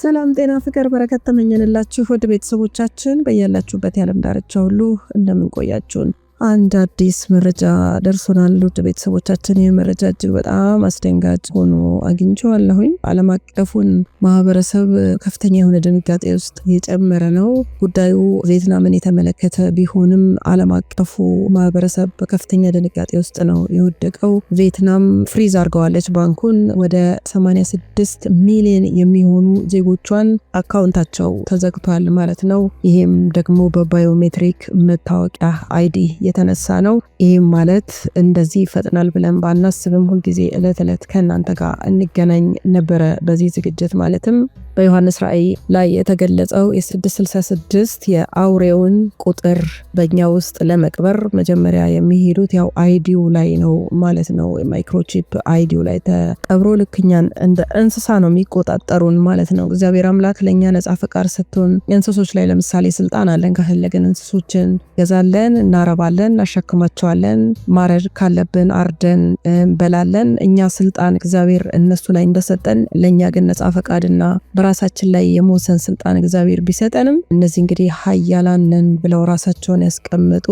ሰላም ጤና ፍቅር በረከት ተመኘንላችሁ ውድ ቤተሰቦቻችን በያላችሁበት የዓለም ዳርቻ ሁሉ እንደምንቆያችሁን አንድ አዲስ መረጃ ደርሶናል። ውድ ቤተሰቦቻችን ይህ መረጃ እጅግ በጣም አስደንጋጭ ሆኖ አግኝቼዋለሁኝ። ዓለም አቀፉን ማህበረሰብ ከፍተኛ የሆነ ድንጋጤ ውስጥ የጨመረ ነው። ጉዳዩ ቪየትናምን የተመለከተ ቢሆንም ዓለም አቀፉ ማህበረሰብ በከፍተኛ ድንጋጤ ውስጥ ነው የወደቀው። ቪየትናም ፍሪዝ አድርገዋለች ባንኩን። ወደ 86 ሚሊዮን የሚሆኑ ዜጎቿን አካውንታቸው ተዘግቷል ማለት ነው። ይሄም ደግሞ በባዮሜትሪክ መታወቂያ አይዲ የተነሳ ነው። ይህም ማለት እንደዚህ ይፈጥናል ብለን ባናስብም ሁልጊዜ እለት እለት ከእናንተ ጋር እንገናኝ ነበረ በዚህ ዝግጅት ማለትም በዮሐንስ ራእይ ላይ የተገለጸው የ666 የአውሬውን ቁጥር በእኛ ውስጥ ለመቅበር መጀመሪያ የሚሄዱት ያው አይዲው ላይ ነው ማለት ነው። ማይክሮቺፕ አይዲው ላይ ተቀብሮ ልክኛን እንደ እንስሳ ነው የሚቆጣጠሩን ማለት ነው። እግዚአብሔር አምላክ ለእኛ ነጻ ፈቃድ ሰጥቶን እንስሶች ላይ ለምሳሌ ስልጣን አለን ከፈለግን እንስሶችን ገዛለን፣ እናረባለን እንገዛለን፣ እናሸክማቸዋለን። ማረድ ካለብን አርደን እንበላለን። እኛ ስልጣን እግዚአብሔር እነሱ ላይ እንደሰጠን ለእኛ ግን ነጻ ፈቃድና በራሳችን ላይ የመወሰን ስልጣን እግዚአብሔር ቢሰጠንም እነዚህ እንግዲህ ሀያላን ብለው ራሳቸውን ያስቀመጡ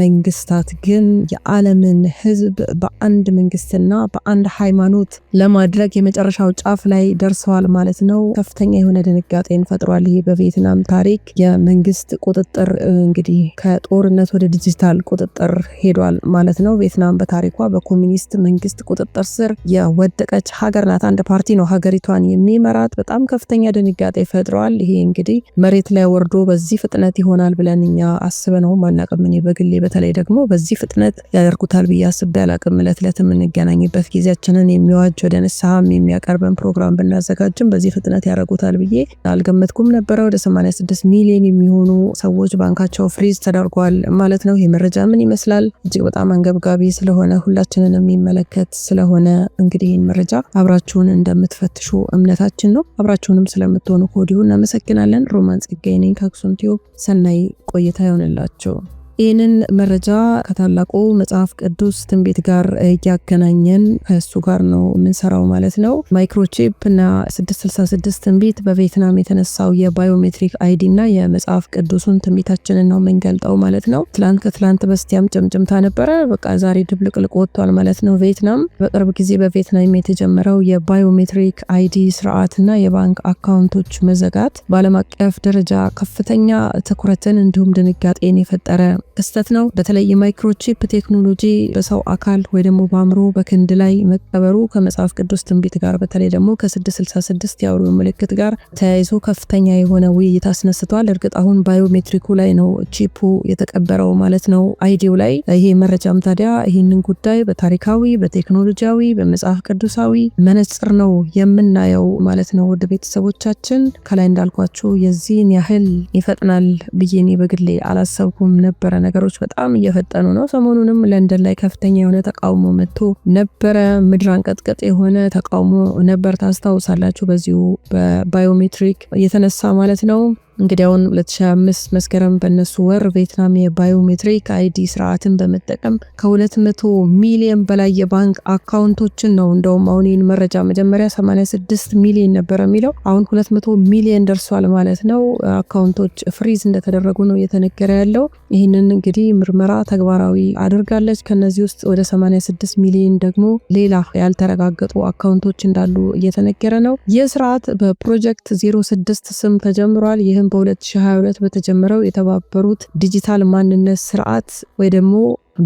መንግስታት ግን የዓለምን ህዝብ በአንድ መንግስትና በአንድ ሃይማኖት ለማድረግ የመጨረሻው ጫፍ ላይ ደርሰዋል ማለት ነው። ከፍተኛ የሆነ ድንጋጤን ፈጥሯል። ይሄ በቪየትናም ታሪክ የመንግስት ቁጥጥር እንግዲህ ከጦርነት ወደ ዲጂታል ቁጥጥር ሄዷል ማለት ነው። ቪየትናም በታሪኳ በኮሚኒስት መንግስት ቁጥጥር ስር የወደቀች ሀገር ናት። አንድ ፓርቲ ነው ሀገሪቷን የሚመራት። በጣም ከፍተኛ ድንጋጤ ፈጥረዋል። ይሄ እንግዲህ መሬት ላይ ወርዶ በዚህ ፍጥነት ይሆናል ብለን እኛ አስበነው አናውቅም። እኔ በግሌ በተለይ ደግሞ በዚህ ፍጥነት ያደርጉታል ብዬ አስቤ አላውቅም። ዕለት ዕለት የምንገናኝበት ጊዜያችንን የሚዋጅ ወደ ንስሐም የሚያቀርበን ፕሮግራም ብናዘጋጅም በዚህ ፍጥነት ያደርጉታል ብዬ አልገመትኩም ነበረ። ወደ 86 ሚሊዮን የሚሆኑ ሰዎች ባንካቸው ፍሪዝ ተደርጓል ማለት ነው። ይህ መረጃ መረጃ ምን ይመስላል? እጅግ በጣም አንገብጋቢ ስለሆነ ሁላችንን የሚመለከት ስለሆነ እንግዲህ ይህን መረጃ አብራችሁን እንደምትፈትሹ እምነታችን ነው። አብራችሁንም ስለምትሆኑ ከወዲሁ እናመሰግናለን። ሮማን ጸጋዬ ነኝ ከአክሱም ቲዩብ። ሰናይ ቆይታ ይሆንላችሁ። ይህንን መረጃ ከታላቁ መጽሐፍ ቅዱስ ትንቢት ጋር እያገናኘን ከእሱ ጋር ነው የምንሰራው ማለት ነው። ማይክሮቺፕ እና 666 ትንቢት በቬትናም የተነሳው የባዮሜትሪክ አይዲ እና የመጽሐፍ ቅዱሱን ትንቢታችንን ነው የምንገልጠው ማለት ነው። ትላንት ከትላንት በስቲያም ጭምጭምታ ነበረ፣ በቃ ዛሬ ድብልቅልቅ ወጥቷል ማለት ነው። ቬትናም በቅርብ ጊዜ በቬትናም የተጀመረው የባዮሜትሪክ አይዲ ስርዓት እና የባንክ አካውንቶች መዘጋት በዓለም አቀፍ ደረጃ ከፍተኛ ትኩረትን እንዲሁም ድንጋጤን የፈጠረ ክስተት ነው። በተለይ የማይክሮቺፕ ቴክኖሎጂ በሰው አካል ወይ ደግሞ በአእምሮ በክንድ ላይ መቀበሩ ከመጽሐፍ ቅዱስ ትንቢት ጋር በተለይ ደግሞ ከ666 የአውሬው ምልክት ጋር ተያይዞ ከፍተኛ የሆነ ውይይት አስነስቷል። እርግጥ አሁን ባዮሜትሪኩ ላይ ነው ቺፑ የተቀበረው ማለት ነው አይዲው ላይ። ይሄ መረጃም ታዲያ ይህንን ጉዳይ በታሪካዊ በቴክኖሎጂያዊ በመጽሐፍ ቅዱሳዊ መነጽር ነው የምናየው ማለት ነው። ውድ ቤተሰቦቻችን ከላይ እንዳልኳችሁ የዚህን ያህል ይፈጥናል ብዬ እኔ በግሌ አላሰብኩም ነበረ። ነገሮች በጣም እየፈጠኑ ነው። ሰሞኑንም ለንደን ላይ ከፍተኛ የሆነ ተቃውሞ መጥቶ ነበረ። ምድር አንቀጥቀጥ የሆነ ተቃውሞ ነበር፣ ታስታውሳላችሁ። በዚሁ በባዮሜትሪክ የተነሳ ማለት ነው። እንግዲህ አሁን 2025 መስከረም በነሱ ወር ቬትናም የባዮሜትሪክ አይዲ ስርዓትን በመጠቀም ከ200 ሚሊዮን በላይ የባንክ አካውንቶችን ነው እንደውም አሁን ይህን መረጃ መጀመሪያ 86 ሚሊዮን ነበረ የሚለው አሁን 200 ሚሊዮን ደርሷል ማለት ነው። አካውንቶች ፍሪዝ እንደተደረጉ ነው እየተነገረ ያለው። ይህንን እንግዲህ ምርመራ ተግባራዊ አድርጋለች። ከነዚህ ውስጥ ወደ 86 ሚሊዮን ደግሞ ሌላ ያልተረጋገጡ አካውንቶች እንዳሉ እየተነገረ ነው። ይህ ስርዓት በፕሮጀክት 06 ስም ተጀምሯል። ይህም በ2022 በተጀመረው የተባበሩት ዲጂታል ማንነት ስርዓት ወይ ደግሞ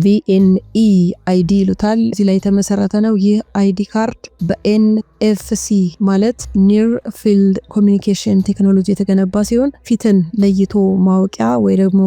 ቪኤንኢ አይዲ ይሉታል። እዚህ ላይ የተመሰረተ ነው። ይህ አይዲ ካርድ በኤን ኤፍሲ ማለት ኒር ፊልድ ኮሚኒኬሽን ቴክኖሎጂ የተገነባ ሲሆን ፊትን ለይቶ ማወቂያ ወይ ደግሞ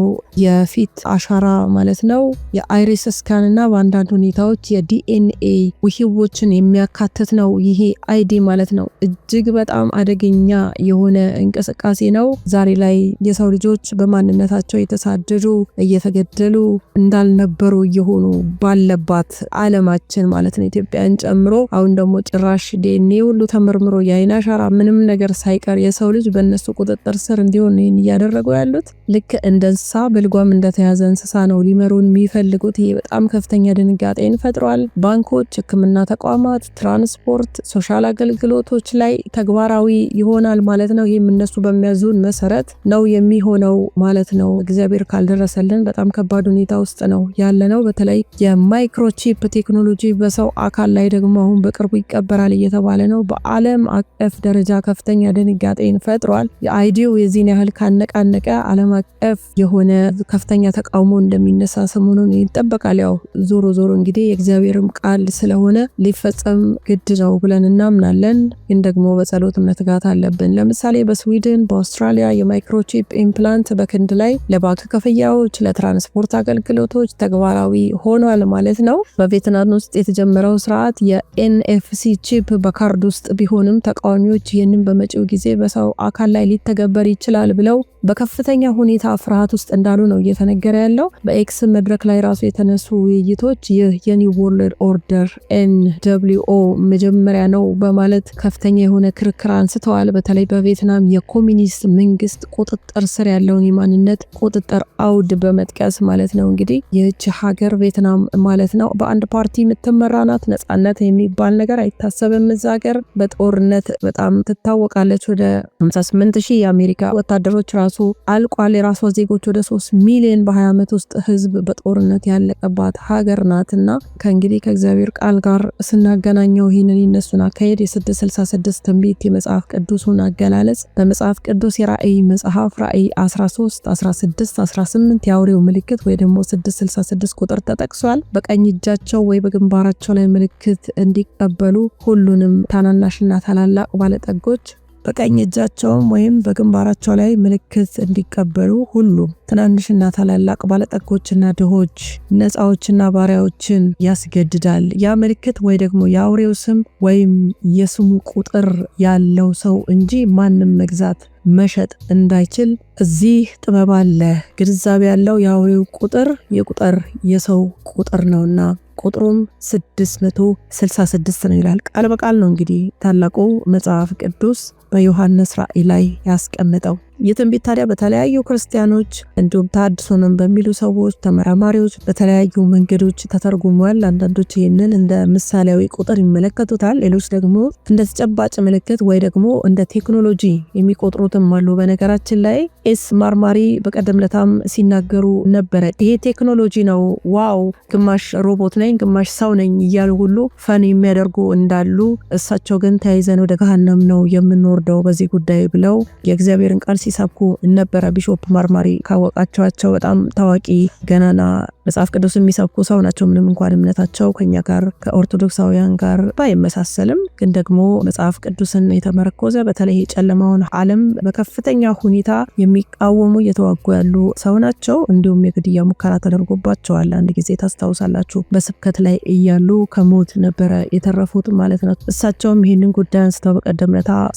የፊት አሻራ ማለት ነው። የአይሪስ ስካን እና በአንዳንድ ሁኔታዎች የዲኤንኤ ውህቦችን የሚያካትት ነው። ይሄ አይዲ ማለት ነው። እጅግ በጣም አደገኛ የሆነ እንቅስቃሴ ነው። ዛሬ ላይ የሰው ልጆች በማንነታቸው የተሳደዱ እየተገደሉ እንዳልነበሩ እየሆኑ ባለባት አለማችን ማለት ነው ኢትዮጵያን ጨምሮ አሁን ደግሞ ጭራሽ ዲኤን ይሄ ሁሉ ተመርምሮ የአይን አሻራ ምንም ነገር ሳይቀር የሰው ልጅ በእነሱ ቁጥጥር ስር እንዲሆን ይህን እያደረጉ ያሉት ልክ እንደ እንስሳ በልጓም እንደተያዘ እንስሳ ነው ሊመሩን የሚፈልጉት። ይህ በጣም ከፍተኛ ድንጋጤን ፈጥሯል። ባንኮች፣ ህክምና ተቋማት፣ ትራንስፖርት፣ ሶሻል አገልግሎቶች ላይ ተግባራዊ ይሆናል ማለት ነው። ይህም እነሱ በሚያዙን መሰረት ነው የሚሆነው ማለት ነው። እግዚአብሔር ካልደረሰልን በጣም ከባድ ሁኔታ ውስጥ ነው ያለ ነው። በተለይ የማይክሮቺፕ ቴክኖሎጂ በሰው አካል ላይ ደግሞ አሁን በቅርቡ ይቀበራል እየተባለ ማለት ነው በዓለም አቀፍ ደረጃ ከፍተኛ ድንጋጤን ፈጥሯል። የአይዲው የዚህን ያህል ካነቃነቀ ዓለም አቀፍ የሆነ ከፍተኛ ተቃውሞ እንደሚነሳ ሰሞኑን ይጠበቃል። ያው ዞሮ ዞሮ እንግዲህ የእግዚአብሔርም ቃል ስለሆነ ሊፈጸም ግድ ነው ብለን እናምናለን። ግን ደግሞ በጸሎት መትጋት አለብን። ለምሳሌ በስዊድን በአውስትራሊያ የማይክሮቺፕ ኢምፕላንት በክንድ ላይ ለባንክ ክፍያዎች፣ ለትራንስፖርት አገልግሎቶች ተግባራዊ ሆኗል ማለት ነው። በቬትናም ውስጥ የተጀመረው ስርዓት የኤንኤፍሲ ቺፕ በካ ካርድ ውስጥ ቢሆንም ተቃዋሚዎች ይህንን በመጪው ጊዜ በሰው አካል ላይ ሊተገበር ይችላል ብለው በከፍተኛ ሁኔታ ፍርሃት ውስጥ እንዳሉ ነው እየተነገረ ያለው። በኤክስ መድረክ ላይ ራሱ የተነሱ ውይይቶች ይህ የኒው ወርልድ ኦርደር ኤን ደብሊው ኦ መጀመሪያ ነው በማለት ከፍተኛ የሆነ ክርክር አንስተዋል። በተለይ በቪየትናም የኮሚኒስት መንግስት ቁጥጥር ስር ያለውን የማንነት ቁጥጥር አውድ በመጥቀስ ማለት ነው። እንግዲህ ይህች ሀገር ቪየትናም ማለት ነው በአንድ ፓርቲ የምትመራ ናት። ነጻነት የሚባል ነገር አይታሰብም ሀገር በጦርነት በጣም ትታወቃለች። ወደ 58 ሺህ የአሜሪካ ወታደሮች ራሱ አልቋል። የራሷ ዜጎች ወደ 3 ሚሊዮን በ20 ዓመት ውስጥ ህዝብ በጦርነት ያለቀባት ሀገር ናት እና ከእንግዲህ ከእግዚአብሔር ቃል ጋር ስናገናኘው ይህንን ይነሱን አካሄድ የ666 ትንቢት የመጽሐፍ ቅዱሱን አገላለጽ በመጽሐፍ ቅዱስ የራእይ መጽሐፍ ራእይ 13 16 18 የአውሬው ምልክት ወይ ደግሞ 666 ቁጥር ተጠቅሷል። በቀኝ እጃቸው ወይ በግንባራቸው ላይ ምልክት እንዲቀበሉ ሁሉንም ታናናሽና ታላላቅ ባለጠጎች በቀኝ እጃቸውም ወይም በግንባራቸው ላይ ምልክት እንዲቀበሉ ሁሉም ትናንሽና ታላላቅ ባለጠጎችና ድሆች ነፃዎችና ባሪያዎችን ያስገድዳል። ያ ምልክት ወይ ደግሞ የአውሬው ስም ወይም የስሙ ቁጥር ያለው ሰው እንጂ ማንም መግዛት መሸጥ እንዳይችል እዚህ ጥበብ አለ። ግንዛቤ ያለው የአውሬው ቁጥር የቁጥር የሰው ቁጥር ነውና ቁጥሩም 666 ነው ይላል። ቃል በቃል ነው እንግዲህ ታላቁ መጽሐፍ ቅዱስ በዮሐንስ ራእይ ላይ ያስቀምጠው ይህ ትንቢት ታዲያ በተለያዩ ክርስቲያኖች እንዲሁም ታድሶንም በሚሉ ሰዎች፣ ተመራማሪዎች በተለያዩ መንገዶች ተተርጉሟል። አንዳንዶች ይህንን እንደ ምሳሌያዊ ቁጥር ይመለከቱታል። ሌሎች ደግሞ እንደ ተጨባጭ ምልክት ወይ ደግሞ እንደ ቴክኖሎጂ የሚቆጥሩትም አሉ። በነገራችን ላይ ኤስ ማርማሪ በቀደም ለታም ሲናገሩ ነበረ። ይሄ ቴክኖሎጂ ነው፣ ዋው ግማሽ ሮቦት ነኝ ግማሽ ሰው ነኝ እያሉ ሁሉ ፈን የሚያደርጉ እንዳሉ፣ እሳቸው ግን ተያይዘን ወደ ገሃነም ነው የምንወርደው በዚህ ጉዳይ ብለው የእግዚአብሔርን ቃል ሲሰብኩ እነበረ ቢሾፕ መርማሪ ካወቃቸዋቸው በጣም ታዋቂ ገናና መጽሐፍ ቅዱስ የሚሰብኩ ሰው ናቸው። ምንም እንኳን እምነታቸው ከኛ ጋር ከኦርቶዶክሳውያን ጋር ባይመሳሰልም ግን ደግሞ መጽሐፍ ቅዱስን የተመረኮዘ በተለይ የጨለማውን ዓለም በከፍተኛ ሁኔታ የሚቃወሙ እየተዋጉ ያሉ ሰው ናቸው። እንዲሁም የግድያ ሙከራ ተደርጎባቸዋል። አንድ ጊዜ ታስታውሳላችሁ። በስብከት ላይ እያሉ ከሞት ነበረ የተረፉት ማለት ነው። እሳቸውም ይህንን ጉዳይ አንስተው በቀደም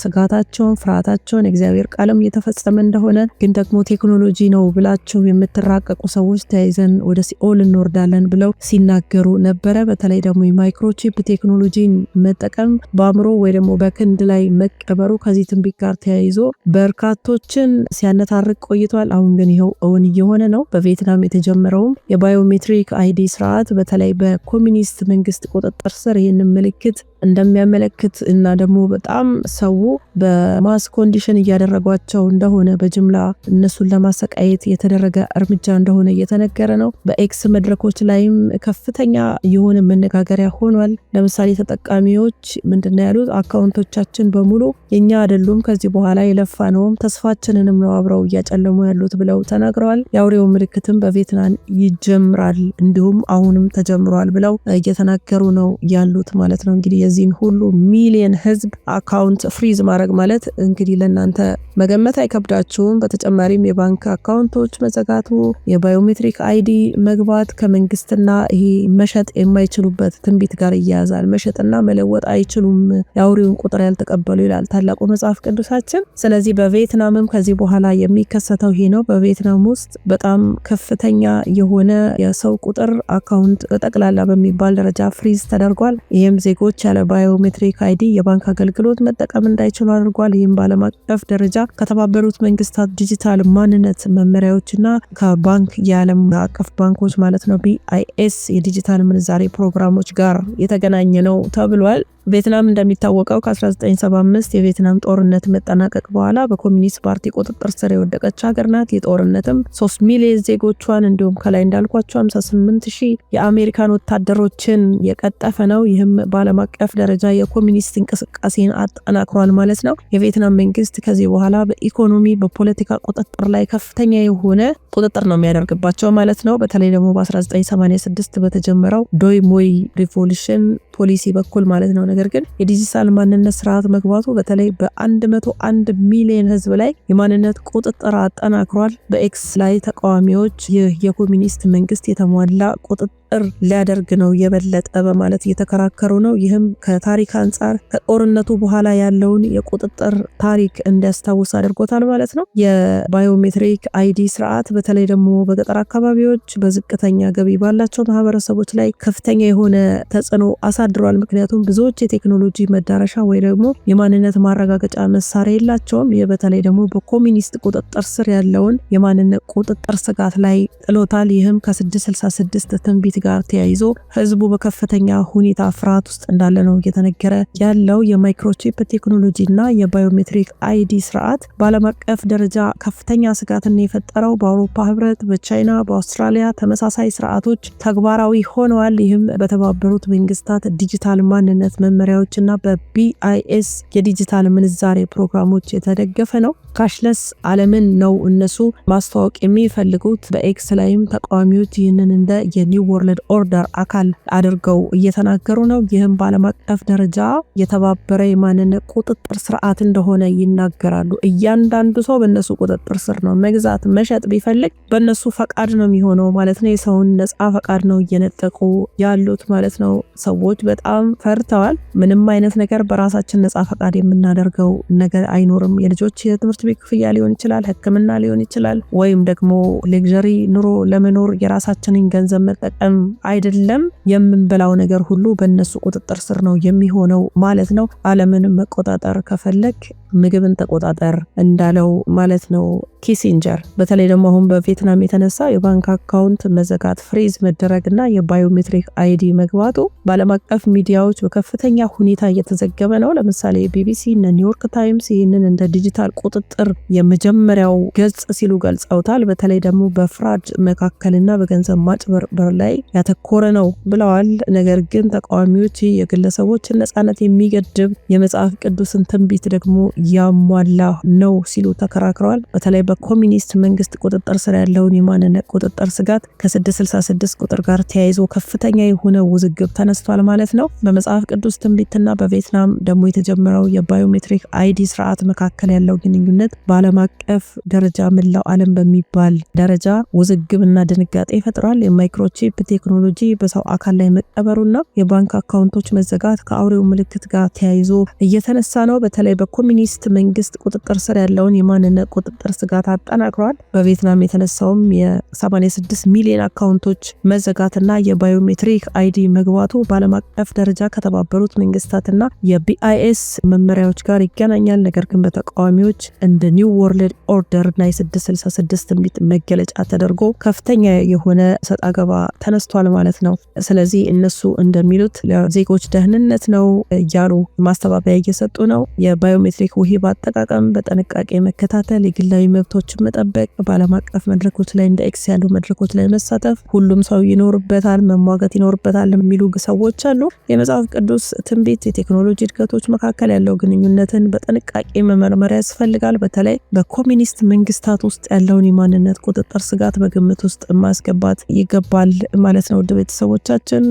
ስጋታቸውን፣ ፍርሃታቸውን የእግዚአብሔር ቃለም እየተፈጸመ እንደሆነ ግን ደግሞ ቴክኖሎጂ ነው ብላችሁ የምትራቀቁ ሰዎች ተያይዘን ወደ ኦል እንወርዳለን ብለው ሲናገሩ ነበረ። በተለይ ደግሞ የማይክሮቺፕ ቴክኖሎጂን መጠቀም በአእምሮ ወይ ደግሞ በክንድ ላይ መቀበሩ ከዚህ ትንቢት ጋር ተያይዞ በርካቶችን ሲያነታርቅ ቆይቷል። አሁን ግን ይኸው እውን እየሆነ ነው። በቪየትናም የተጀመረውም የባዮሜትሪክ አይዲ ስርዓት በተለይ በኮሚኒስት መንግስት ቁጥጥር ስር ይህንን ምልክት እንደሚያመለክት እና ደግሞ በጣም ሰው በማስ ኮንዲሽን እያደረጓቸው እንደሆነ በጅምላ እነሱን ለማሰቃየት የተደረገ እርምጃ እንደሆነ እየተነገረ ነው። በኤክስ መድረኮች ላይም ከፍተኛ የሆነ መነጋገሪያ ሆኗል። ለምሳሌ ተጠቃሚዎች ምንድነው ያሉት? አካውንቶቻችን በሙሉ የኛ አይደሉም፣ ከዚህ በኋላ የለፋ ነውም ተስፋችንንም ነው አብረው እያጨለሙ ያሉት ብለው ተናግረዋል። የአውሬው ምልክትም በቬትናም ይጀምራል እንዲሁም አሁንም ተጀምሯል ብለው እየተናገሩ ነው ያሉት ማለት ነው እንግዲህ የዚህን ሁሉ ሚሊየን ህዝብ አካውንት ፍሪዝ ማድረግ ማለት እንግዲህ ለእናንተ መገመት አይከብዳችሁም። በተጨማሪም የባንክ አካውንቶች መዘጋቱ፣ የባዮሜትሪክ አይዲ መግባት ከመንግስትና ይሄ መሸጥ የማይችሉበት ትንቢት ጋር ይያያዛል። መሸጥና መለወጥ አይችሉም፣ የአውሬውን ቁጥር ያልተቀበሉ ይላል ታላቁ መጽሐፍ ቅዱሳችን። ስለዚህ በቬትናምም ከዚህ በኋላ የሚከሰተው ይሄ ነው። በቬትናም ውስጥ በጣም ከፍተኛ የሆነ የሰው ቁጥር አካውንት ጠቅላላ በሚባል ደረጃ ፍሪዝ ተደርጓል። ይህም ዜጎች ያለ ያለ ባዮሜትሪክ አይዲ የባንክ አገልግሎት መጠቀም እንዳይችሉ አድርጓል። ይህም በዓለም አቀፍ ደረጃ ከተባበሩት መንግስታት ዲጂታል ማንነት መመሪያዎችና ከባንክ የዓለም አቀፍ ባንኮች ማለት ነው ቢአይኤስ የዲጂታል ምንዛሬ ፕሮግራሞች ጋር የተገናኘ ነው ተብሏል። ቬትናም እንደሚታወቀው ከ1975 የቬትናም ጦርነት መጠናቀቅ በኋላ በኮሚኒስት ፓርቲ ቁጥጥር ስር የወደቀች ሀገር ናት። የጦርነትም 3 ሚሊዮን ዜጎቿን እንዲሁም ከላይ እንዳልኳቸው 58 ሺህ የአሜሪካን ወታደሮችን የቀጠፈ ነው። ይህም በዓለም አቀፍ ደረጃ የኮሚኒስት እንቅስቃሴን አጠናክሯል ማለት ነው። የቬትናም መንግስት ከዚህ በኋላ በኢኮኖሚ በፖለቲካ ቁጥጥር ላይ ከፍተኛ የሆነ ቁጥጥር ነው የሚያደርግባቸው ማለት ነው። በተለይ ደግሞ በ1986 በተጀመረው ዶይ ሞይ ሪቮሉሽን ፖሊሲ በኩል ማለት ነው። ነገር ግን የዲጂታል ማንነት ስርዓት መግባቱ በተለይ በ101 ሚሊዮን ህዝብ ላይ የማንነት ቁጥጥር አጠናክሯል። በኤክስ ላይ ተቃዋሚዎች ይህ የኮሚኒስት መንግስት የተሟላ ቁጥጥር እር ሊያደርግ ነው የበለጠ በማለት እየተከራከሩ ነው። ይህም ከታሪክ አንጻር ከጦርነቱ በኋላ ያለውን የቁጥጥር ታሪክ እንዲያስታውስ አድርጎታል ማለት ነው። የባዮሜትሪክ አይዲ ስርዓት በተለይ ደግሞ በገጠር አካባቢዎች በዝቅተኛ ገቢ ባላቸው ማህበረሰቦች ላይ ከፍተኛ የሆነ ተጽዕኖ አሳድሯል። ምክንያቱም ብዙዎች የቴክኖሎጂ መዳረሻ ወይ ደግሞ የማንነት ማረጋገጫ መሳሪያ የላቸውም። ይህ በተለይ ደግሞ በኮሚኒስት ቁጥጥር ስር ያለውን የማንነት ቁጥጥር ስጋት ላይ ጥሎታል። ይህም ከ666 ትንቢት ከዚህ ጋር ተያይዞ ህዝቡ በከፍተኛ ሁኔታ ፍርሃት ውስጥ እንዳለ ነው እየተነገረ ያለው። የማይክሮቺፕ ቴክኖሎጂና የባዮሜትሪክ አይዲ ስርዓት በዓለም አቀፍ ደረጃ ከፍተኛ ስጋትን የፈጠረው በአውሮፓ ህብረት፣ በቻይና፣ በአውስትራሊያ ተመሳሳይ ስርዓቶች ተግባራዊ ሆነዋል። ይህም በተባበሩት መንግስታት ዲጂታል ማንነት መመሪያዎችና በቢአይኤስ የዲጂታል ምንዛሬ ፕሮግራሞች የተደገፈ ነው። ካሽለስ ዓለምን ነው እነሱ ማስተዋወቅ የሚፈልጉት። በኤክስ ላይም ተቃዋሚዎች ይህንን እንደ የኒው ወርልድ ወርልድ ኦርደር አካል አድርገው እየተናገሩ ነው። ይህም በዓለም አቀፍ ደረጃ የተባበረ የማንነት ቁጥጥር ስርዓት እንደሆነ ይናገራሉ። እያንዳንዱ ሰው በእነሱ ቁጥጥር ስር ነው። መግዛት መሸጥ ቢፈልግ በእነሱ ፈቃድ ነው የሚሆነው ማለት ነው። የሰውን ነፃ ፈቃድ ነው እየነጠቁ ያሉት ማለት ነው። ሰዎች በጣም ፈርተዋል። ምንም አይነት ነገር በራሳችን ነፃ ፈቃድ የምናደርገው ነገር አይኖርም። የልጆች የትምህርት ቤት ክፍያ ሊሆን ይችላል፣ ሕክምና ሊሆን ይችላል፣ ወይም ደግሞ ሌግዘሪ ኑሮ ለመኖር የራሳችንን ገንዘብ መጠቀም ምግብም አይደለም የምንበላው ነገር ሁሉ በእነሱ ቁጥጥር ስር ነው የሚሆነው ማለት ነው። ዓለምን መቆጣጠር ከፈለግ ምግብን ተቆጣጠር እንዳለው ማለት ነው ኪሲንጀር። በተለይ ደግሞ አሁን በቪየትናም የተነሳ የባንክ አካውንት መዘጋት፣ ፍሪዝ መደረግና የባዮሜትሪክ አይዲ መግባቱ በዓለም አቀፍ ሚዲያዎች በከፍተኛ ሁኔታ እየተዘገበ ነው። ለምሳሌ ቢቢሲ እነ ኒውዮርክ ታይምስ ይህንን እንደ ዲጂታል ቁጥጥር የመጀመሪያው ገጽ ሲሉ ገልጸውታል። በተለይ ደግሞ በፍራድ መካከልና በገንዘብ ማጭበርበር ላይ ያተኮረ ነው ብለዋል። ነገር ግን ተቃዋሚዎች የግለሰቦችን ነጻነት የሚገድብ የመጽሐፍ ቅዱስን ትንቢት ደግሞ ያሟላ ነው ሲሉ ተከራክረዋል። በተለይ በኮሚኒስት መንግስት ቁጥጥር ስር ያለውን የማንነት ቁጥጥር ስጋት ከ666 ቁጥር ጋር ተያይዞ ከፍተኛ የሆነ ውዝግብ ተነስቷል ማለት ነው። በመጽሐፍ ቅዱስ ትንቢትና በቪየትናም ደግሞ የተጀመረው የባዮሜትሪክ አይዲ ስርዓት መካከል ያለው ግንኙነት በዓለም አቀፍ ደረጃ መላው ዓለም በሚባል ደረጃ ውዝግብና ድንጋጤ ፈጥሯል። የማይክሮቺፕ ቴክኖሎጂ በሰው አካል ላይ መቀበሩና የባንክ አካውንቶች መዘጋት ከአውሬው ምልክት ጋር ተያይዞ እየተነሳ ነው። በተለይ በኮሚኒስት መንግስት ቁጥጥር ስር ያለውን የማንነት ቁጥጥር ስጋት አጠናክሯል። በቪትናም የተነሳውም የ86 ሚሊዮን አካውንቶች መዘጋትና የባዮሜትሪክ አይዲ መግባቱ በዓለም አቀፍ ደረጃ ከተባበሩት መንግስታትና የቢአይኤስ መመሪያዎች ጋር ይገናኛል። ነገር ግን በተቃዋሚዎች እንደ ኒው ወርልድ ኦርደር እና የ666 ትንቢት መገለጫ ተደርጎ ከፍተኛ የሆነ ሰጣ ገባ ተነስ ተነስቷል ማለት ነው። ስለዚህ እነሱ እንደሚሉት ለዜጎች ደህንነት ነው እያሉ ማስተባበያ እየሰጡ ነው። የባዮሜትሪክ ውሂብ አጠቃቀም በጥንቃቄ መከታተል፣ የግላዊ መብቶችን መጠበቅ፣ በዓለም አቀፍ መድረኮች ላይ እንደ ኤክስ ያሉ መድረኮች ላይ መሳተፍ ሁሉም ሰው ይኖርበታል፣ መሟገት ይኖርበታል የሚሉ ሰዎች አሉ። የመጽሐፍ ቅዱስ ትንቢት፣ የቴክኖሎጂ እድገቶች መካከል ያለው ግንኙነትን በጥንቃቄ መመርመር ያስፈልጋል። በተለይ በኮሚኒስት መንግስታት ውስጥ ያለውን የማንነት ቁጥጥር ስጋት በግምት ውስጥ ማስገባት ይገባል ማለት ማለት ነው። ውድ ቤተሰቦቻችን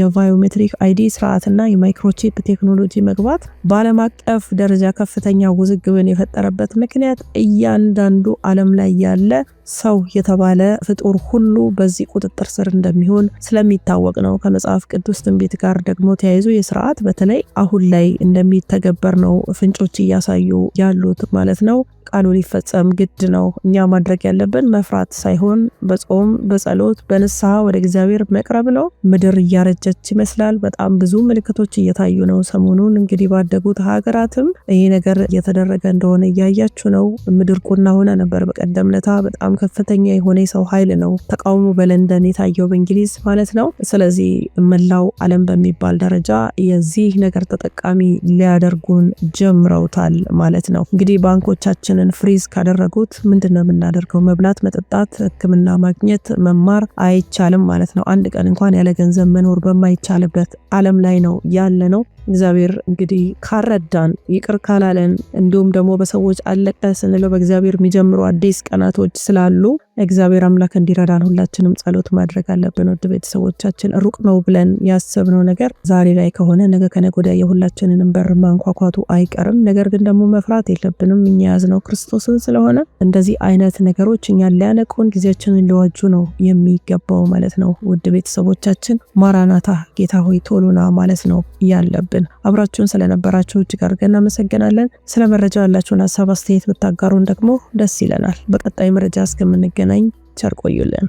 የባዮሜትሪክ አይዲ ስርዓትና የማይክሮቺፕ ቴክኖሎጂ መግባት በዓለም አቀፍ ደረጃ ከፍተኛ ውዝግብን የፈጠረበት ምክንያት እያንዳንዱ ዓለም ላይ ያለ ሰው የተባለ ፍጡር ሁሉ በዚህ ቁጥጥር ስር እንደሚሆን ስለሚታወቅ ነው። ከመጽሐፍ ቅዱስ ትንቢት ጋር ደግሞ ተያይዞ የስርዓት በተለይ አሁን ላይ እንደሚተገበር ነው ፍንጮች እያሳዩ ያሉት ማለት ነው። ቃሉ ሊፈጸም ግድ ነው። እኛ ማድረግ ያለብን መፍራት ሳይሆን በጾም በጸሎት በንስሐ ወደ እግዚአብሔር መቅረብ ነው። ምድር እያረጀች ይመስላል። በጣም ብዙ ምልክቶች እየታዩ ነው። ሰሞኑን እንግዲህ ባደጉት ሀገራትም ይሄ ነገር እየተደረገ እንደሆነ እያያችሁ ነው። ምድር ቁና ሆነ ነበር በቀደም ለታ በጣም ከፍተኛ የሆነ የሰው ኃይል ነው ተቃውሞ በለንደን የታየው በእንግሊዝ ማለት ነው። ስለዚህ መላው ዓለም በሚባል ደረጃ የዚህ ነገር ተጠቃሚ ሊያደርጉን ጀምረውታል ማለት ነው። እንግዲህ ባንኮቻችንን ፍሪዝ ካደረጉት ምንድን ነው የምናደርገው? መብላት፣ መጠጣት፣ ሕክምና ማግኘት፣ መማር አይቻልም ማለት ነው። አንድ ቀን እንኳን ያለ ገንዘብ መኖር በማይቻልበት ዓለም ላይ ነው ያለ ነው። እግዚአብሔር እንግዲህ ካረዳን ይቅር ካላለን እንዲሁም ደግሞ በሰዎች አለቀ ስንለው በእግዚአብሔር የሚጀምሩ አዲስ ቀናቶች ስላሉ እግዚአብሔር አምላክ እንዲረዳን ሁላችንም ጸሎት ማድረግ አለብን። ውድ ቤተሰቦቻችን ሩቅ ነው ብለን ያሰብነው ነገር ዛሬ ላይ ከሆነ ነገ ከነገ ወዲያ የሁላችንንም በር ማንኳኳቱ አይቀርም። ነገር ግን ደግሞ መፍራት የለብንም። እኛ ነው ክርስቶስን ስለሆነ እንደዚህ አይነት ነገሮች እኛን ሊያነቁን፣ ጊዜያችንን ሊዋጁ ነው የሚገባው ማለት ነው። ውድ ቤተሰቦቻችን ማራናታ ጌታ ሆይ ቶሎና ማለት ነው ያለብን አለብን። አብራችሁን ስለነበራችሁ እጅግ አድርገን እናመሰግናለን። ስለ መረጃ ያላችሁን ሀሳብ አስተያየት ብታጋሩን ደግሞ ደስ ይለናል። በቀጣይ መረጃ እስከምንገናኝ ቸር ቆዩልን።